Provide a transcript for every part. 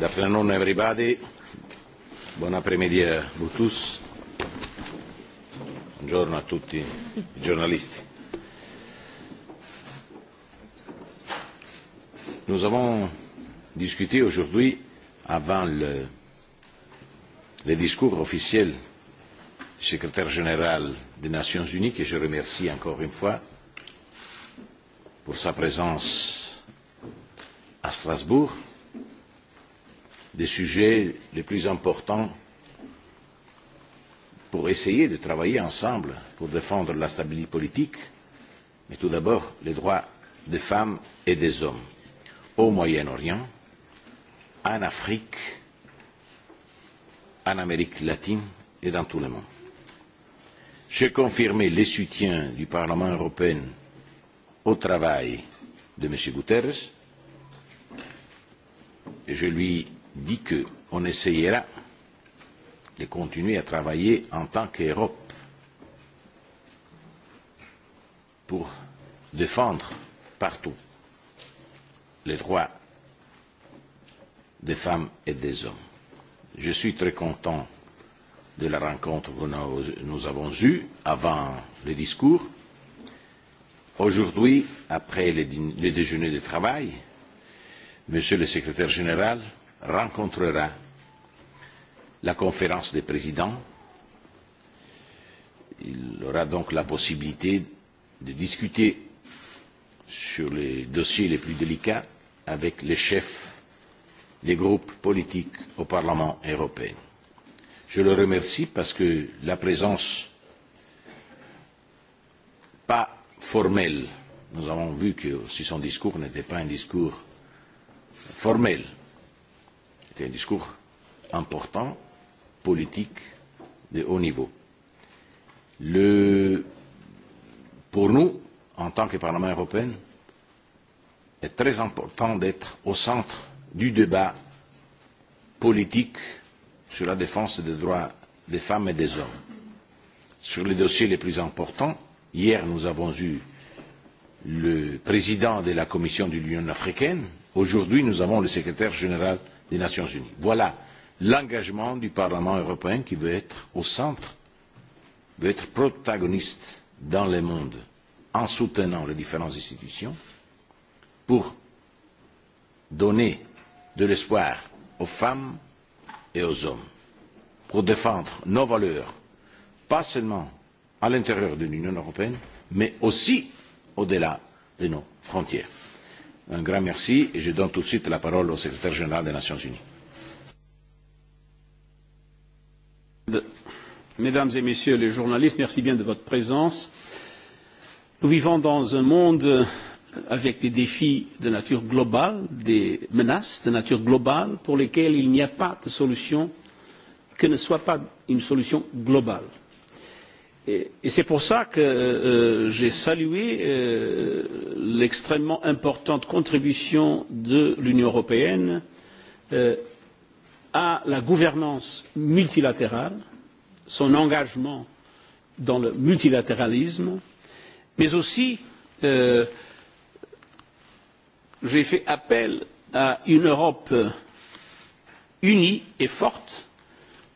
Good afternoon, everybody. Buon après-midi à vous tous. Nous avons discuté aujourd'hui, avant le discours officiel du secrétaire général des Nations Unies, que je remercie encore une fois pour sa présence à Strasbourg, des sujets les plus importants pour essayer de travailler ensemble pour défendre la stabilité politique, mais tout d'abord les droits des femmes et des hommes au Moyen-Orient, en Afrique, en Amérique latine et dans tout le monde. J'ai confirmé le soutien du Parlement européen au travail de M. Guterres et je lui dit qu'on essayera de continuer à travailler en tant qu'Europe pour défendre partout les droits des femmes et des hommes. Je suis très content de la rencontre que nous avons eue avant le discours. Aujourd'hui, après le déjeuner de travail, Monsieur le secrétaire général, rencontrera la conférence des présidents. Il aura donc la possibilité de discuter sur les dossiers les plus délicats avec les chefs des groupes politiques au Parlement européen. Je le remercie parce que la présence pas formelle, nous avons vu que son discours n'était pas un discours formel, C'était un discours important, politique, de haut niveau. Le, pour nous, en tant que Parlement européen, il est très important d'être au centre du débat politique sur la défense des droits des femmes et des hommes. Sur les dossiers les plus importants, hier nous avons eu le président de la Commission de l'Union africaine, aujourd'hui nous avons le secrétaire général des Nations Unies. Voilà l'engagement du Parlement européen qui veut être au centre, veut être protagoniste dans le monde en soutenant les différentes institutions pour donner de l'espoir aux femmes et aux hommes, pour défendre nos valeurs, pas seulement à l'intérieur de l'Union européenne, mais aussi au-delà de nos frontières. Un grand merci et je donne tout de suite la parole au secrétaire général des Nations Unies. Mesdames et Messieurs les journalistes, merci bien de votre présence. Nous vivons dans un monde avec des défis de nature globale, des menaces de nature globale pour lesquelles il n'y a pas de solution que ne soit pas une solution globale Et, c'est pour cela que j'ai salué l'extrêmement importante contribution de l'Union européenne à la gouvernance multilatérale, son engagement dans le multilatéralisme, mais aussi j'ai fait appel à une Europe unie et forte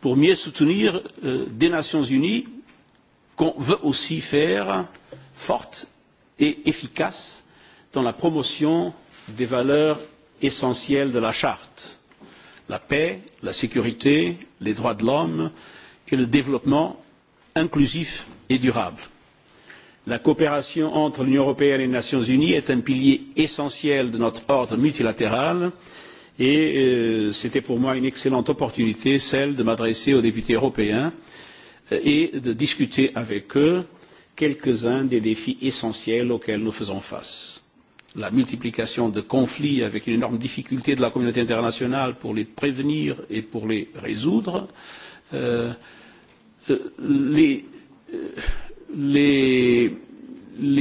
pour mieux soutenir des Nations unies qu'on veut aussi faire forte et efficace dans la promotion des valeurs essentielles de la charte la paix, la sécurité, les droits de l'homme et le développement inclusif et durable. La coopération entre l'Union européenne et les Nations unies est un pilier essentiel de notre ordre multilatéral et c'était pour moi une excellente opportunité, celle de m'adresser aux députés européens et de discuter avec eux quelques-uns des défis essentiels auxquels nous faisons face. La multiplication de conflits avec une énorme difficulté de la communauté internationale pour les prévenir et pour les résoudre. les,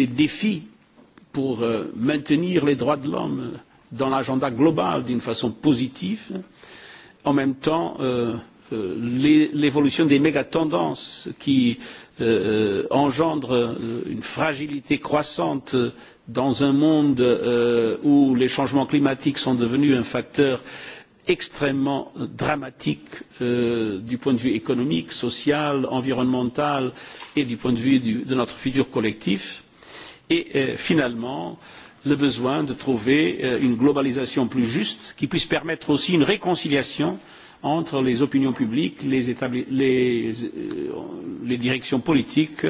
défis pour maintenir les droits de l'homme dans l'agenda global d'une façon positive, en même temps l'évolution des mégatendances qui engendrent une fragilité croissante dans un monde où les changements climatiques sont devenus un facteur extrêmement dramatique du point de vue économique, social, environnemental et du point de vue de notre futur collectif. Et finalement, le besoin de trouver une globalisation plus juste qui puisse permettre aussi une réconciliation euh, entre les opinions publiques, les, les, les directions politiques,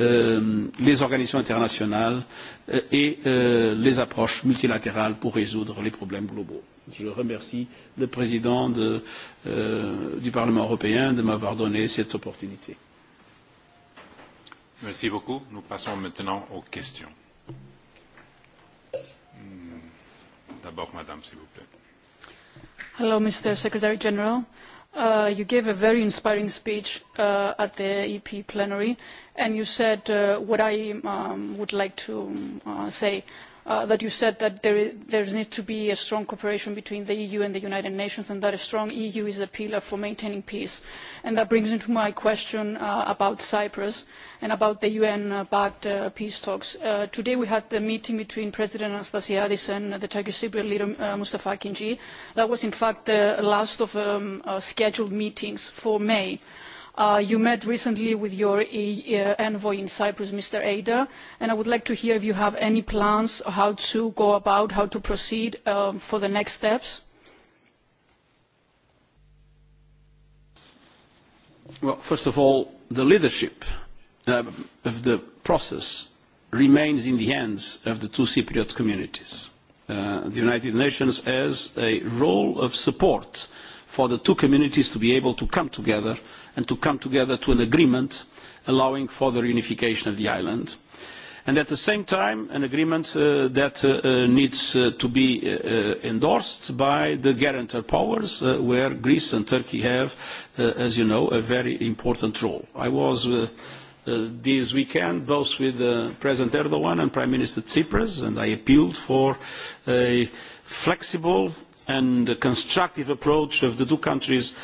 euh, les organisations internationales euh, et euh, les approches multilatérales pour résoudre les problèmes globaux. Je remercie le président de, euh, du Parlement européen de m'avoir donné cette opportunité. Merci beaucoup. Nous passons maintenant aux questions. D'abord, madame, s'il vous plaît. Hello, Mr. Secretary General. Uh, you gave a very inspiring speech uh, at the EP plenary, and you said uh, what I um, would like to uh, say that you said that there, there needs to be a strong cooperation between the EU and the United Nations and that a strong EU is a pillar for maintaining peace. And that brings me to my question about Cyprus and about the UN-backed peace talks. today we had the meeting between President Anastasiadis and the Turkish Cypriot leader Mustafa Akinci. That was in fact the last of scheduled meetings for May you met recently with your envoy in Cyprus, Mr. Ada, and I would like to hear if you have any plans on how to go about, how to proceed for the next steps. Well, first of all, the leadership of the process remains in the hands of the two Cypriot communities. the United Nations has a role of support for the two communities to be able to come together and to come together to an agreement allowing for the reunification of the island. And at the same time, an agreement that needs to be endorsed by the guarantor powers, where Greece and Turkey have, as you know, a very important role. I was this weekend, both with President Erdogan and Prime Minister Tsipras, and I appealed for a flexible and constructive approach of the two countries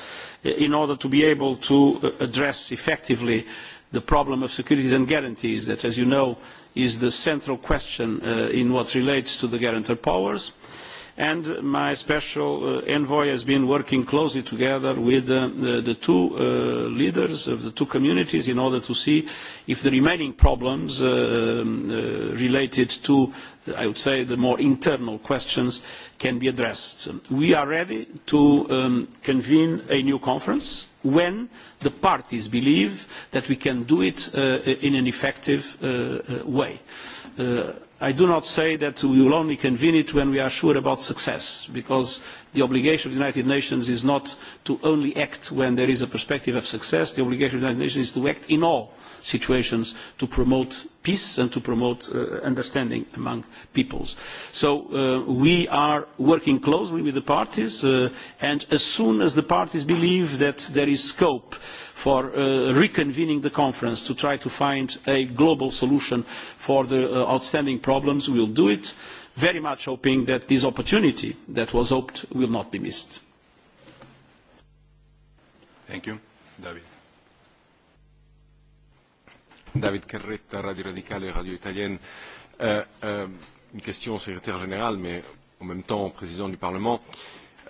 in order to be able to address effectively the problem of securities and guarantees that, as you know, is the central question in what relates to the guarantor powers. And my special envoy has been working closely together with the, two leaders of the two communities in order to see if the remaining problems related to, I would say, the more internal questions can be addressed. We are ready to convene a new conference when the parties believe that we can do it in an effective way. I do not say that we will only convene it when we are sure about success, because the obligation of the United Nations is not to only act when there is a perspective of success. The obligation of the United Nations is to act in all situations to promote peace and to promote understanding among peoples. So we are working closely with the parties and as soon as the parties believe that there is scope for reconvening the conference to try to find a global solution for the outstanding problems, we will do it, very much hoping that this opportunity that was hoped will not be missed. Thank you. David. David Carretta, Radio Radicale et Radio Italienne. Euh, euh, une question au secrétaire général, mais en même temps au président du Parlement.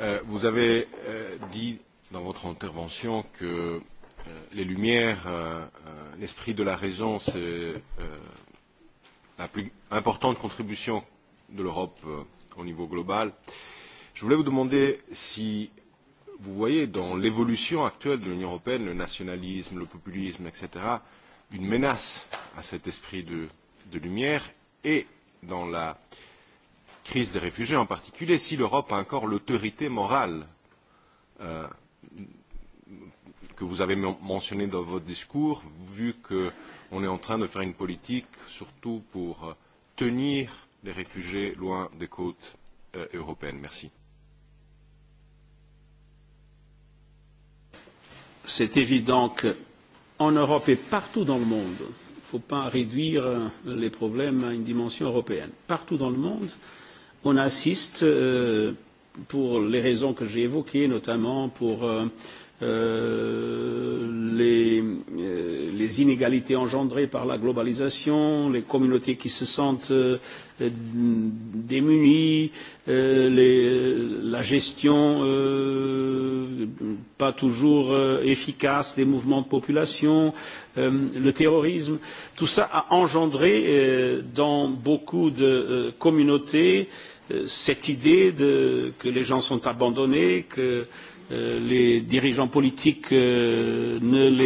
Euh, vous avez euh, dit dans votre intervention que euh, les Lumières, euh, euh, l'esprit de la raison, c'est euh, la plus importante contribution de l'Europe euh, au niveau global. Je voulais vous demander si vous voyez dans l'évolution actuelle de l'Union européenne, le nationalisme, le populisme, etc., euh, une menace à cet esprit de, de lumière et dans la crise des réfugiés en particulier, si l'Europe a encore l'autorité morale euh, que vous avez mentionnée dans votre discours, vu qu'on est en train de faire une politique surtout pour tenir les réfugiés loin des côtes euh, européennes. Merci. C'est évident que en Europe et partout dans le monde. Il ne faut pas réduire les problèmes à une dimension européenne. Partout dans le monde, on assiste, pour les raisons que j'ai évoquées, notamment pour les, les inégalités engendrées par la globalisation, les communautés qui se sentent démunies, la gestion pas toujours efficace des mouvements de population, le terrorisme, tout cela a engendré dans beaucoup de communautés cette idée que les gens sont abandonnés, que les dirigeants politiques ne,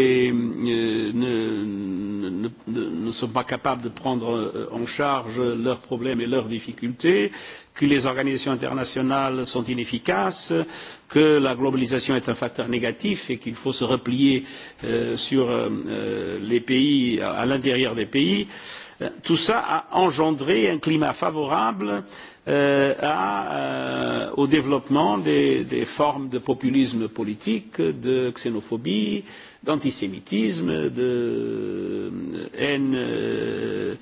sont pas capables de prendre en charge leurs problèmes et leurs difficultés, que les organisations internationales sont inefficaces, que la globalisation est un facteur négatif et qu'il faut se replier sur les pays, à l'intérieur des pays. Tout cela a engendré un climat favorable euh, au développement des, formes de populisme politique, de xénophobie, d'antisémitisme, de haine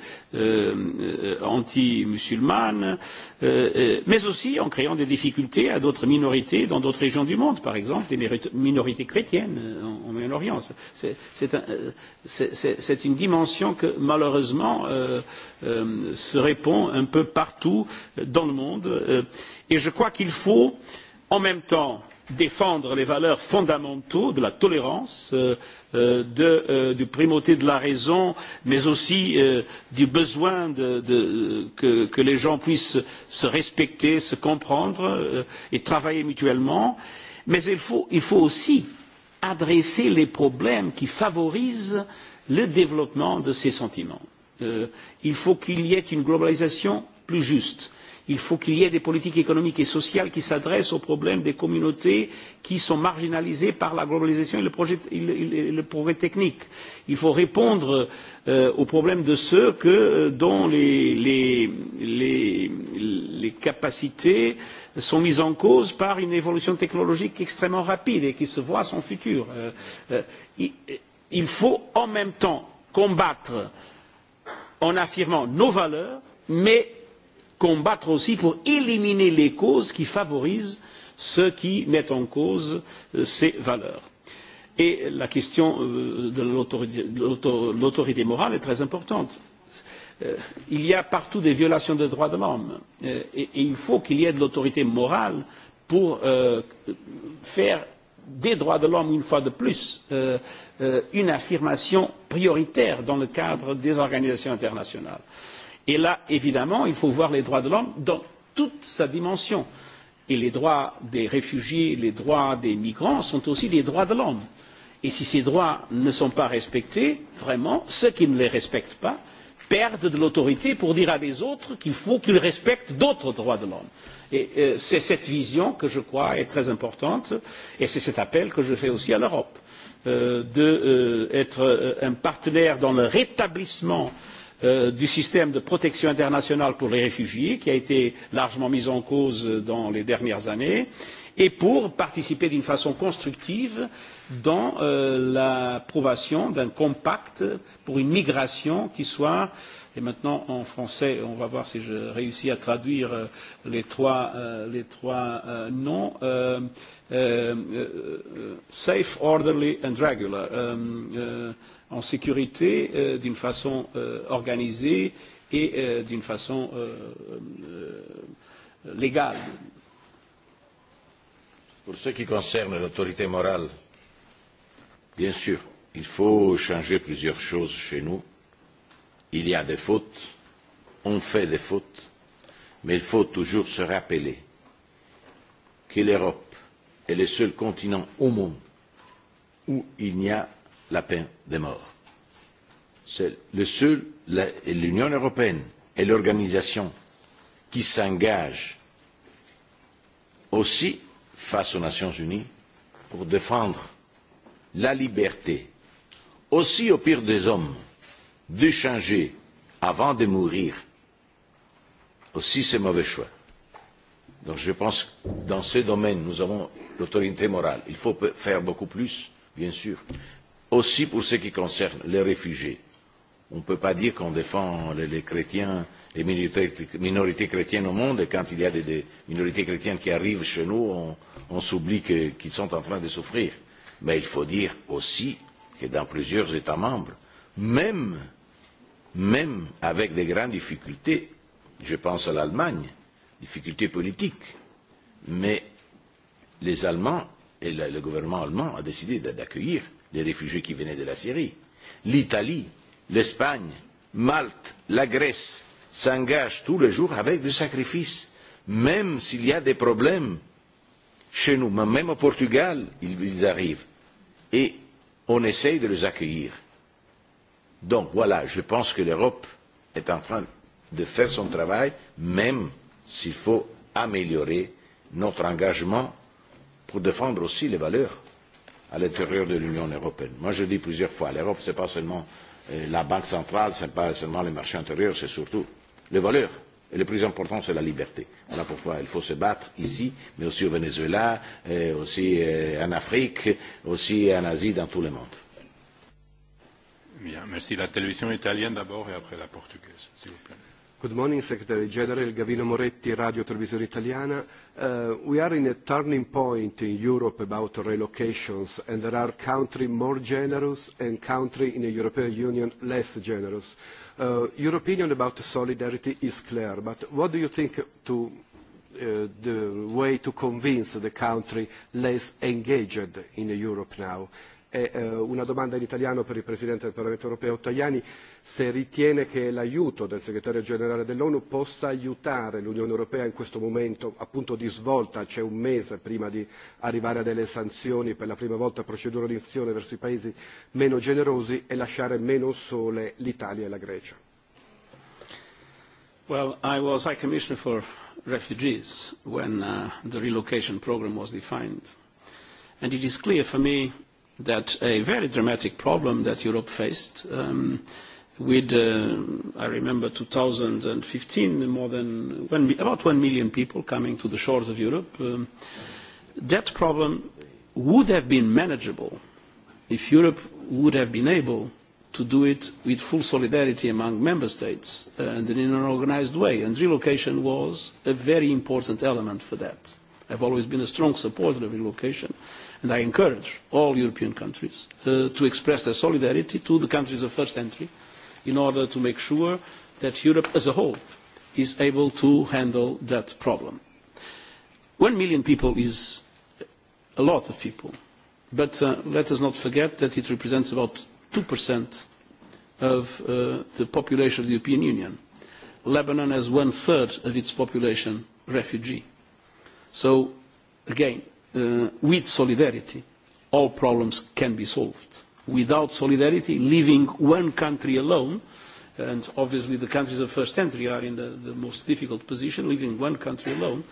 anti-musulmane, mais aussi en créant des difficultés à d'autres minorités dans d'autres régions du monde, par exemple des minorités chrétiennes en, Moyen-Orient. C'est une dimension que malheureusement se répond un peu partout dans le monde et je crois qu'il faut en même temps défendre les valeurs fondamentales de la tolérance, de, la primauté de la raison, mais aussi du besoin que, les gens puissent se respecter, se comprendre et travailler mutuellement. Mais il faut, aussi adresser les problèmes qui favorisent le développement de ces sentiments. il faut qu'il y ait une globalisation plus juste Il faut qu'il y ait des politiques économiques et sociales qui s'adressent aux problèmes des communautés qui sont marginalisées par la globalisation et le, progrès technique. Il faut répondre aux problèmes de ceux dont les, capacités sont mises en cause par une évolution technologique extrêmement rapide et qui se voit son futur. il faut en même temps combattre en affirmant nos valeurs, mais combattre aussi pour éliminer les causes qui favorisent ceux qui mettent en cause ces valeurs. Et la question de l'autorité morale est très importante. Il y a partout des violations des droits de l'homme et il faut qu'il y ait de l'autorité morale pour faire des droits de l'homme, une fois de plus, une affirmation prioritaire dans le cadre des organisations internationales. Et là, évidemment, il faut voir les droits de l'homme dans toute sa dimension. Et les droits des réfugiés, les droits des migrants sont aussi des droits de l'homme. Et si ces droits ne sont pas respectés, vraiment, ceux qui ne les respectent pas perdent de l'autorité pour dire à des autres qu'il faut qu'ils respectent d'autres droits de l'homme. Et c'est cette vision que je crois est très importante et c'est cet appel que je fais aussi à l'Europe d'être un partenaire dans le rétablissement euh, du système de protection internationale pour les réfugiés qui a été largement mis en cause dans les dernières années et pour participer d'une façon constructive dans l'approbation d'un compact pour une migration qui soit et maintenant en français on va voir si je réussis à traduire les trois, noms safe, orderly and regular en sécurité d'une façon organisée et d'une façon légale. Pour ce qui concerne l'autorité morale, bien sûr, il faut changer plusieurs choses chez nous. Il y a des fautes, on fait des fautes, mais il faut toujours se rappeler que l'Europe est le seul continent au monde où il n'y a la peine de mort. C'est le seul, l'Union européenne et l'organisation qui s'engagent aussi face aux Nations unies pour défendre la liberté, aussi au pire des hommes, de changer avant de mourir aussi ces mauvais choix. Donc je pense que dans ce domaine, nous avons l'autorité morale. Il faut faire beaucoup plus, bien sûr, aussi pour ce qui concerne les réfugiés. On ne peut pas dire qu'on défend les, chrétiens, les minorités, chrétiennes au monde, et quand il y a des, minorités chrétiennes qui arrivent chez nous, on, s'oublie qu'ils sont en train de souffrir. Mais il faut dire aussi que dans plusieurs États membres, même, même avec des grandes difficultés, je pense à l'Allemagne, difficultés politiques, mais les Allemands et le gouvernement allemand a décidé d'accueillir des réfugiés qui venaient de la Syrie. L'Italie, l'Espagne, Malte, la Grèce s'engagent tous les jours avec des sacrifices, même s'il y a des problèmes chez nous, même au Portugal, ils, arrivent. Et on essaye de les accueillir. Donc voilà, je pense que l'Europe est en train de faire son travail, même s'il faut améliorer notre engagement pour défendre aussi les valeurs à l'intérieur de l'Union européenne. Moi, je dis plusieurs fois, l'Europe, ce n'est pas seulement la banque centrale, ce n'est pas seulement les marchés intérieurs, c'est surtout les valeurs. Et le plus important, c'est la liberté. Voilà pourquoi il faut se battre ici, mais aussi au Venezuela, aussi en Afrique, aussi en Asie, dans tout le monde. Bien, merci. La télévision italienne d'abord et après la portugaise, s'il vous plaît. Good morning, Secretary General Gavino Moretti, Radio Televisione Italiana. Uh, we are in a turning point in Europe about relocations, and there are countries more generous and countries in the European Union less generous. Uh, your opinion about solidarity is clear, but what do you think to uh, the way to convince the country less engaged in Europe now? è una domanda in italiano per il Presidente del Parlamento europeo Tajani se ritiene che l'aiuto del segretario generale dell'ONU possa aiutare l'Unione europea in questo momento appunto di svolta, c'è un mese prima di arrivare a delle sanzioni per la prima volta procedura di azione verso i paesi meno generosi e lasciare meno sole l'Italia e la Grecia. Well, I was High Commissioner for Refugees when uh, the relocation program was defined. And it is clear for me that a very dramatic problem that Europe faced um, with, uh, I remember 2015, more than one, about one million people coming to the shores of Europe, um, that problem would have been manageable if Europe would have been able to do it with full solidarity among member states and in an organised way. And relocation was a very important element for that. I've always been a strong supporter of relocation And I encourage all European countries to express their solidarity to the countries of first entry in order to make sure that Europe as a whole is able to handle that problem. One million people is a lot of people, but let us not forget that it represents about 2% of the population of the European Union. Lebanon has one-third of its population refugee. So, again, with solidarity, all problems can be solved. Without solidarity, leaving one country alone, and obviously the countries of first entry are in the, the most difficult position, leaving one country alone,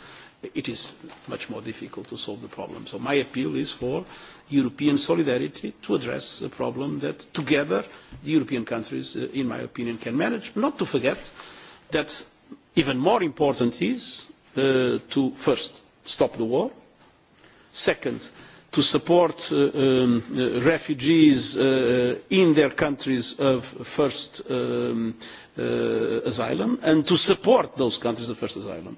it is much more difficult to solve the problem. So my appeal is for European solidarity to address a problem that together the European countries, in my opinion, can manage. Not to forget that even more important is to first stop the war, Second, to support refugees in their countries of first asylum and to support those countries of first asylum.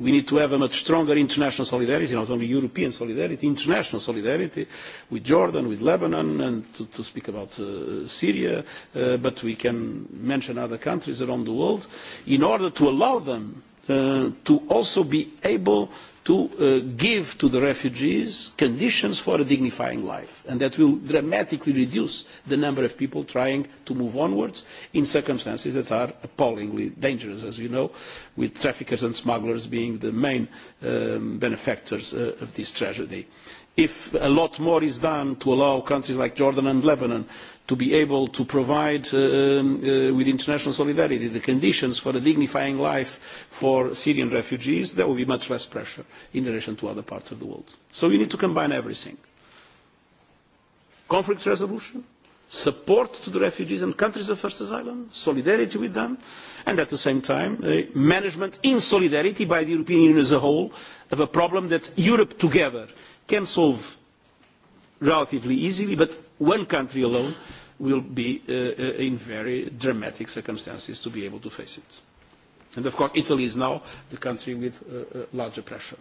We need to have a much stronger international solidarity, not only European solidarity, international solidarity with Jordan, with Lebanon, and to, to speak about uh, Syria, uh, but we can mention other countries around the world, in order to allow them uh, to also be able to uh, give to the refugees conditions for a dignifying life. And that will dramatically reduce the number of people trying to move onwards in circumstances that are appallingly dangerous, as you know, with traffickers and smugglers being the main um, benefactors uh, of this tragedy if a lot more is done to allow countries like Jordan and Lebanon to be able to provide with international solidarity the conditions for a dignifying life for Syrian refugees, there will be much less pressure in relation to other parts of the world. So we need to combine everything. Conflict resolution, support to the refugees and countries of first asylum, solidarity with them, and at the same time, management in solidarity by the European Union as a whole of a problem that Europe together can solve relatively easily, but one country alone will be uh, in very dramatic circumstances to be able to face it. And of course, Italy is now the country with uh, uh, larger pressure.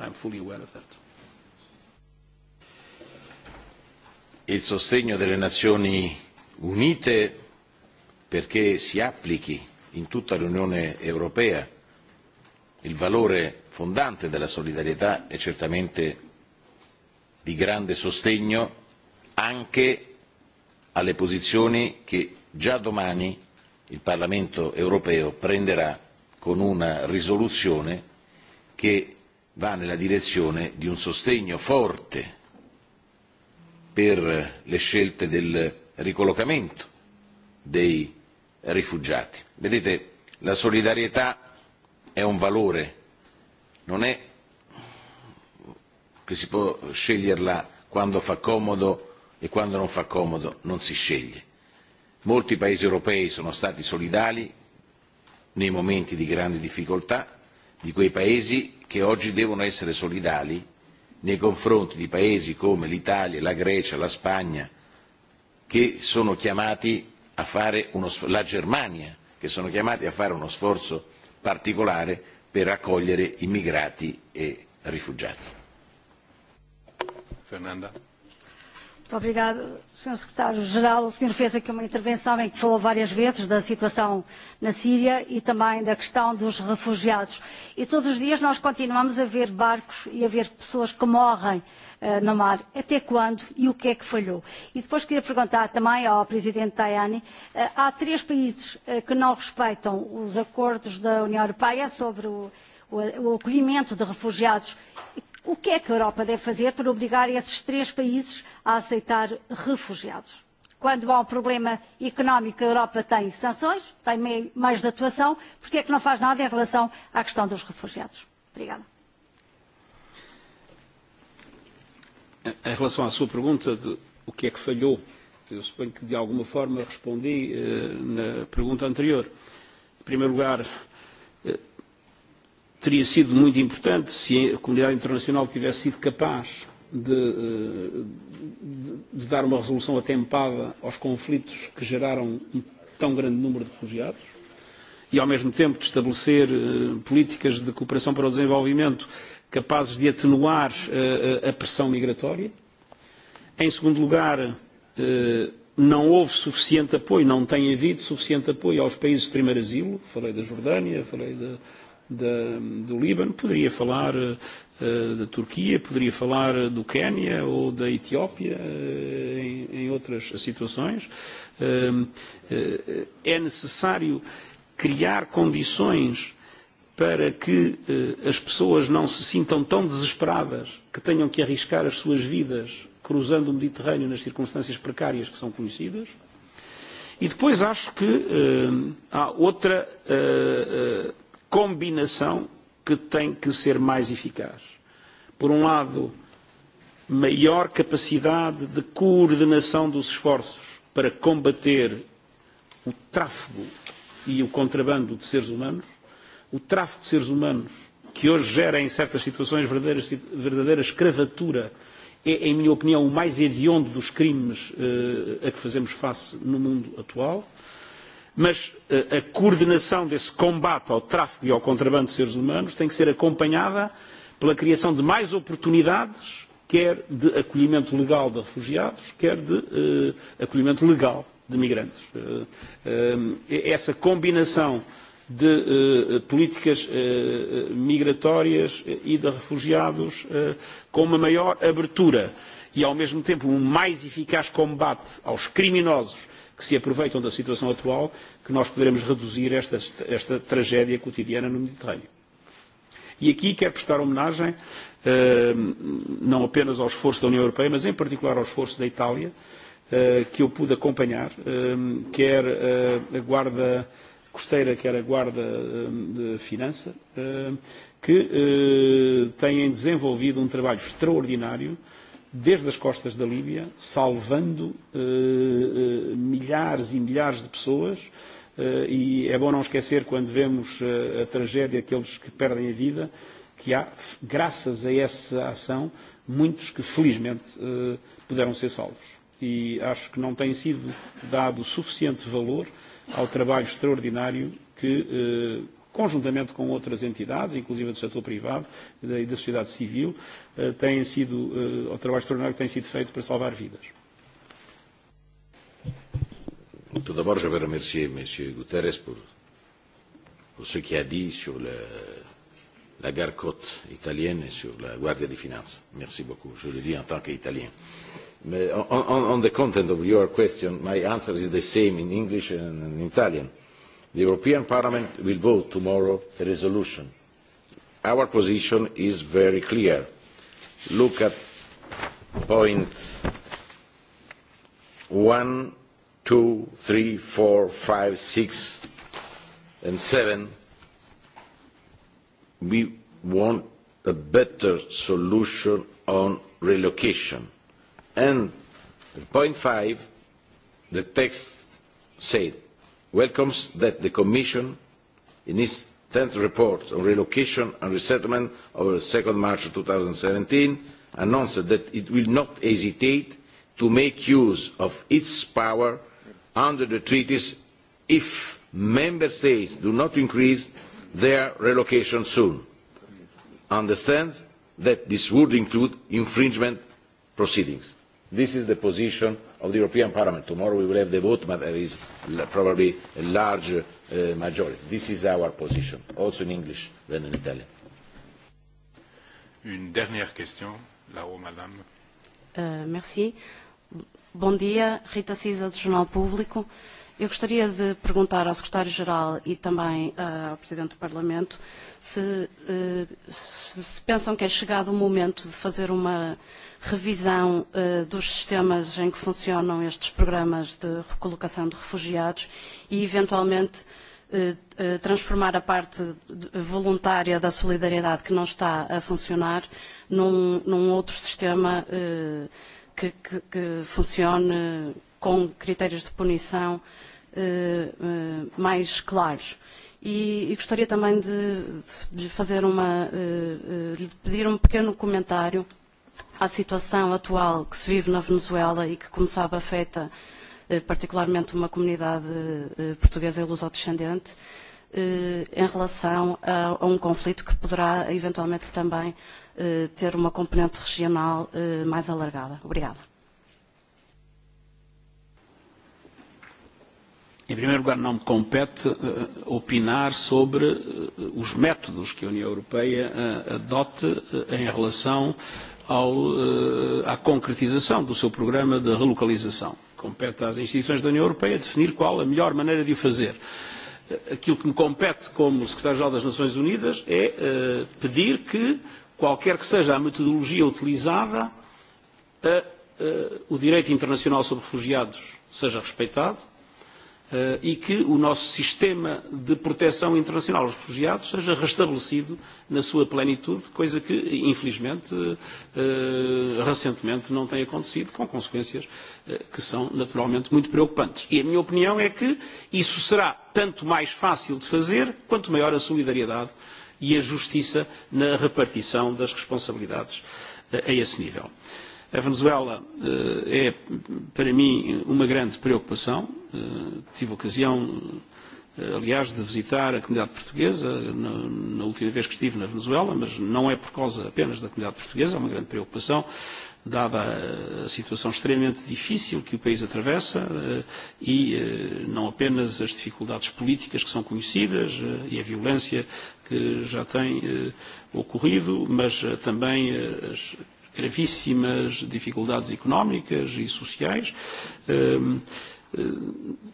I'm fully aware of that. Il sostegno delle Nazioni Unite perché si applichi in tutta l'Unione Europea il valore fondante della solidarietà è certamente di grande sostegno anche alle posizioni che già domani il Parlamento europeo prenderà con una risoluzione che va nella direzione di un sostegno forte per le scelte del ricollocamento dei rifugiati. Vedete, la solidarietà è un valore, non è che si può sceglierla quando fa comodo e quando non fa comodo non si sceglie. Molti paesi europei sono stati solidali nei momenti di grande difficoltà di quei paesi che oggi devono essere solidali nei confronti di paesi come l'Italia, la Grecia, la Spagna, che sono chiamati a fare uno, la Germania, che sono chiamati a fare uno sforzo particolare per accogliere immigrati e rifugiati. Fernanda. Muito obrigado, Sr. Secretário-Geral. O senhor fez aqui uma intervenção em que falou várias vezes da situação na Síria e também da questão dos refugiados. E todos os dias nós continuamos a ver barcos e a ver pessoas que morrem no mar. Até quando e o que é que falhou? E depois queria perguntar também ao Presidente Tajani, há três países que não respeitam os acordos da União Europeia sobre o, o acolhimento de refugiados O que é que a Europa deve fazer para obrigar esses três países a aceitar refugiados? Quando há um problema económico, a Europa tem sanções, tem mais de atuação, porque é que não faz nada em relação à questão dos refugiados? Obrigada. Em relação à sua pergunta de o que é que falhou, eu suponho que de alguma forma respondi na pergunta anterior. Em primeiro lugar, teria sido muito importante se a comunidade internacional tivesse sido capaz de, de, de dar uma resolução atempada aos conflitos que geraram um tão grande número de refugiados e, ao mesmo tempo, de estabelecer políticas de cooperação para o desenvolvimento capazes de atenuar a pressão migratória. Em segundo lugar, não houve suficiente apoio, não tem havido suficiente apoio aos países de primeiro asilo, falei da Jordânia, falei da, da, do Líbano, poderia falar uh, da Turquia, poderia falar do Quénia ou da Etiópia uh, em, em outras situações. Uh, uh, é necessário criar condições para que uh, as pessoas não se sintam tão desesperadas que tenham que arriscar as suas vidas cruzando o Mediterrâneo nas circunstâncias precárias que são conhecidas. E depois acho que uh, há outra uh, uh, combinação que tem que ser mais eficaz. Por um lado, maior capacidade de coordenação dos esforços para combater o tráfego e o contrabando de seres humanos, o tráfico de seres humanos, que hoje gera em certas situações verdadeira escravatura, é, em minha opinião, o mais hediondo dos crimes a que fazemos face no mundo atual. Mas a coordenação desse combate ao tráfico e ao contrabando de seres humanos tem que ser acompanhada pela criação de mais oportunidades, quer de acolhimento legal de refugiados, quer de acolhimento legal de migrantes. Essa combinação de políticas migratórias e de refugiados com uma maior abertura e, ao mesmo tempo, um mais eficaz combate aos criminosos que se aproveitam da situação atual, que nós poderemos reduzir esta, esta tragédia cotidiana no Mediterrâneo. E aqui quero prestar homenagem não apenas ao esforço da União Europeia, mas em particular ao esforço da Itália, que eu pude acompanhar, quer a Guarda Costeira, quer a Guarda de Finança, que têm desenvolvido um trabalho extraordinário desde as costas da Líbia, salvando eh, milhares e milhares de pessoas. Eh, e é bom não esquecer, quando vemos eh, a tragédia daqueles que perdem a vida, que há, graças a essa ação, muitos que felizmente eh, puderam ser salvos. E acho que não tem sido dado suficiente valor ao trabalho extraordinário que eh, conjuntamente com outras entidades, inclusive do setor privado e da sociedade civil, têm sido, o trabalho extraordinário que tem sido feito para salvar vidas. Tout d'abord, je veux remercier M. Guterres pour, pour ce qu'il a dit sur le, la gare côte italienne et sur la Guardia di Finanza. Merci beaucoup. Je le dis en tant qu'Italien. Mais On, on, on the content of your question, my answer is the same in English and in Italian The European Parliament will vote tomorrow a resolution. Our position is very clear. Look at point one, two, three, four, five, six, and seven. We want a better solution on relocation. And at point five, the text said welcomes that the Commission, in its tenth report on relocation and resettlement of two March seventeen, announced that it will not hesitate to make use of its power under the treaties if member states do not increase their relocation soon. Understands that this would include infringement proceedings. This is the position of the European Parliament. Tomorrow we will have the vote, but there is probably a large majority. This is our position, also in English than in Italian. Une dernière question, là-haut, madame. merci. dia, Rita Cisa, Público. Eu gostaria de perguntar ao Secretário-Geral e também ao Presidente do Parlamento se, se pensam que é chegado o momento de fazer uma revisão dos sistemas em que funcionam estes programas de recolocação de refugiados e, eventualmente, transformar a parte voluntária da solidariedade que não está a funcionar num, num outro sistema que, que, que funcione com critérios de punição mais claros. E, gostaria também de, de fazer uma, de pedir um pequeno comentário à situação atual que se vive na Venezuela e que, como sabe, afeta particularmente uma comunidade portuguesa e lusodescendente, em relação a, um conflito que poderá eventualmente também ter uma componente regional mais alargada. Obrigada. Em primeiro lugar, não me compete opinar sobre os métodos que a União Europeia adote em relação à concretização do seu programa de relocalização. Compete às instituições da União Europeia definir qual a melhor maneira de o fazer. Aquilo que me compete como Secretário-Geral das Nações Unidas é pedir que, qualquer que seja a metodologia utilizada, o direito internacional sobre refugiados seja respeitado, e que o nosso sistema de proteção internacional aos refugiados seja restabelecido na sua plenitude, coisa que, infelizmente, recentemente não tem acontecido, com consequências que são naturalmente muito preocupantes. E a minha opinião é que isso será tanto mais fácil de fazer quanto maior a solidariedade e a justiça na repartição das responsabilidades a esse nível. Uh, A Venezuela é, para mim, uma grande preocupação. Tive ocasião, aliás, de visitar a comunidade portuguesa na última vez que estive na Venezuela, mas não é por causa apenas da comunidade portuguesa, é uma grande preocupação dada a situação extremamente difícil que o país atravessa e não apenas as dificuldades políticas que são conhecidas e a violência que já tem ocorrido, mas também as gravíssimas dificuldades económicas e sociais.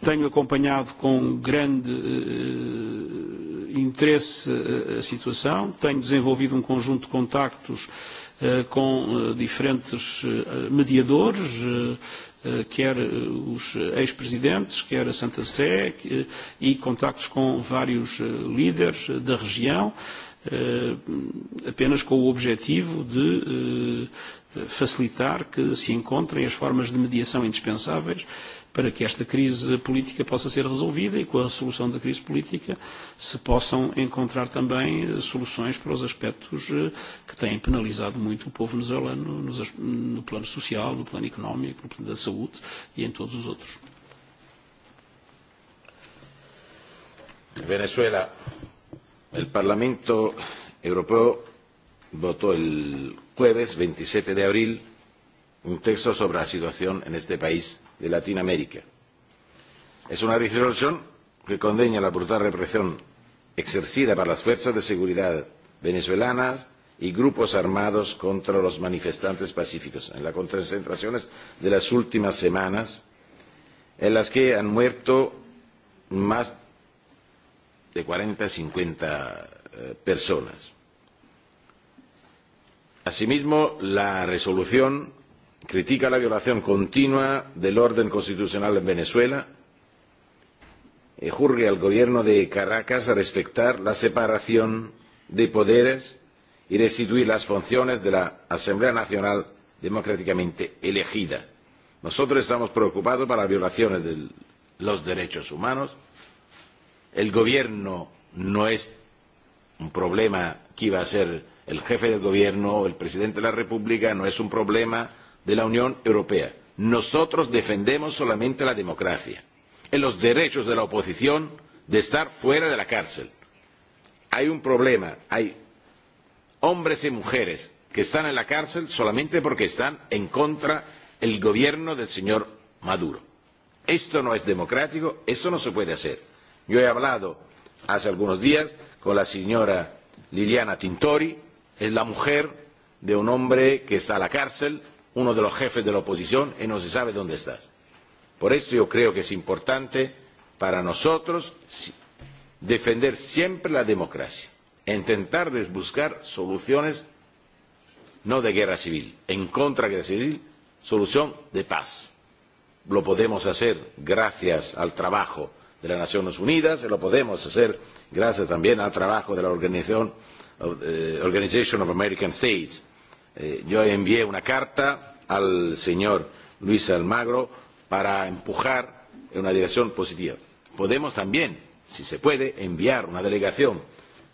Tenho acompanhado com grande interesse a situação, tenho desenvolvido um conjunto de contactos com diferentes mediadores, quer os ex-presidentes, quer a Santa Sé, e contactos com vários líderes da região apenas com o objetivo de facilitar que se encontrem as formas de mediação indispensáveis para que esta crise política possa ser resolvida e com a solução da crise política se possam encontrar também soluções para os aspectos que têm penalizado muito o povo venezuelano no plano social, no plano económico, no plano da saúde e em todos os outros. Venezuela El Parlamento Europeo votó el jueves veintisiete de abril un texto sobre la situación en este país de Latinoamérica. Es una resolución que condena la brutal represión ejercida por las fuerzas de seguridad venezolanas y grupos armados contra los manifestantes pacíficos en las concentraciones de las últimas semanas en las que han muerto más de 40 a 50 personas. Asimismo, la resolución critica la violación continua del orden constitucional en Venezuela y jurgue al gobierno de Caracas a respetar la separación de poderes y restituir las funciones de la Asamblea Nacional democráticamente elegida. Nosotros estamos preocupados por las violaciones de los derechos humanos el gobierno no es un problema que iba a ser el jefe del gobierno o el presidente de la República, no es un problema de la Unión Europea. Nosotros defendemos solamente la democracia y los derechos de la oposición de estar fuera de la cárcel. Hay un problema, hay hombres y mujeres que están en la cárcel solamente porque están en contra del gobierno del señor Maduro. Esto no es democrático, esto no se puede hacer Yo he hablado hace algunos días con la señora Liliana Tintori, es la mujer de un hombre que está en la cárcel, uno de los jefes de la oposición, y no se sabe dónde está. Por esto yo creo que es importante para nosotros defender siempre la democracia e intentar buscar soluciones no de guerra civil, en contra de la guerra civil, solución de paz. Lo podemos hacer gracias al trabajo de las Naciones Unidas, y lo podemos hacer gracias también al trabajo de la Organización of, Organization of American States. yo envié una carta al señor Luis Almagro para empujar en una dirección positiva. Podemos también, si se puede, enviar una delegación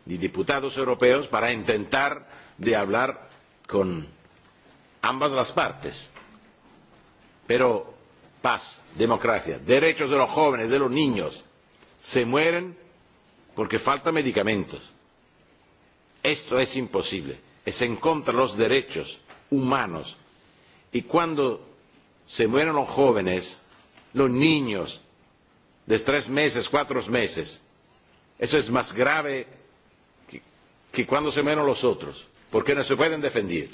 de diputados europeos para intentar hablar con ambas las partes. Pero paz, democracia, derechos de los jóvenes, de los niños, se mueren porque faltan medicamentos. Esto es imposible, es en contra de los derechos humanos. Y cuando se mueren los jóvenes, los niños, de tres meses, cuatro meses, eso es más grave que, que cuando se mueren los otros, porque no se pueden defender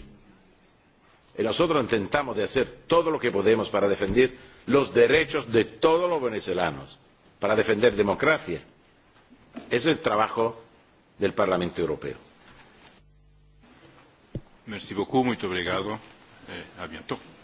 y nosotros intentamos hacer todo lo que podemos para defender los derechos de todos los venezolanos, para defender democracia. Ese es el trabajo del Parlamento Europeo. Merci beaucoup, muito obrigado. Eh, a bientôt.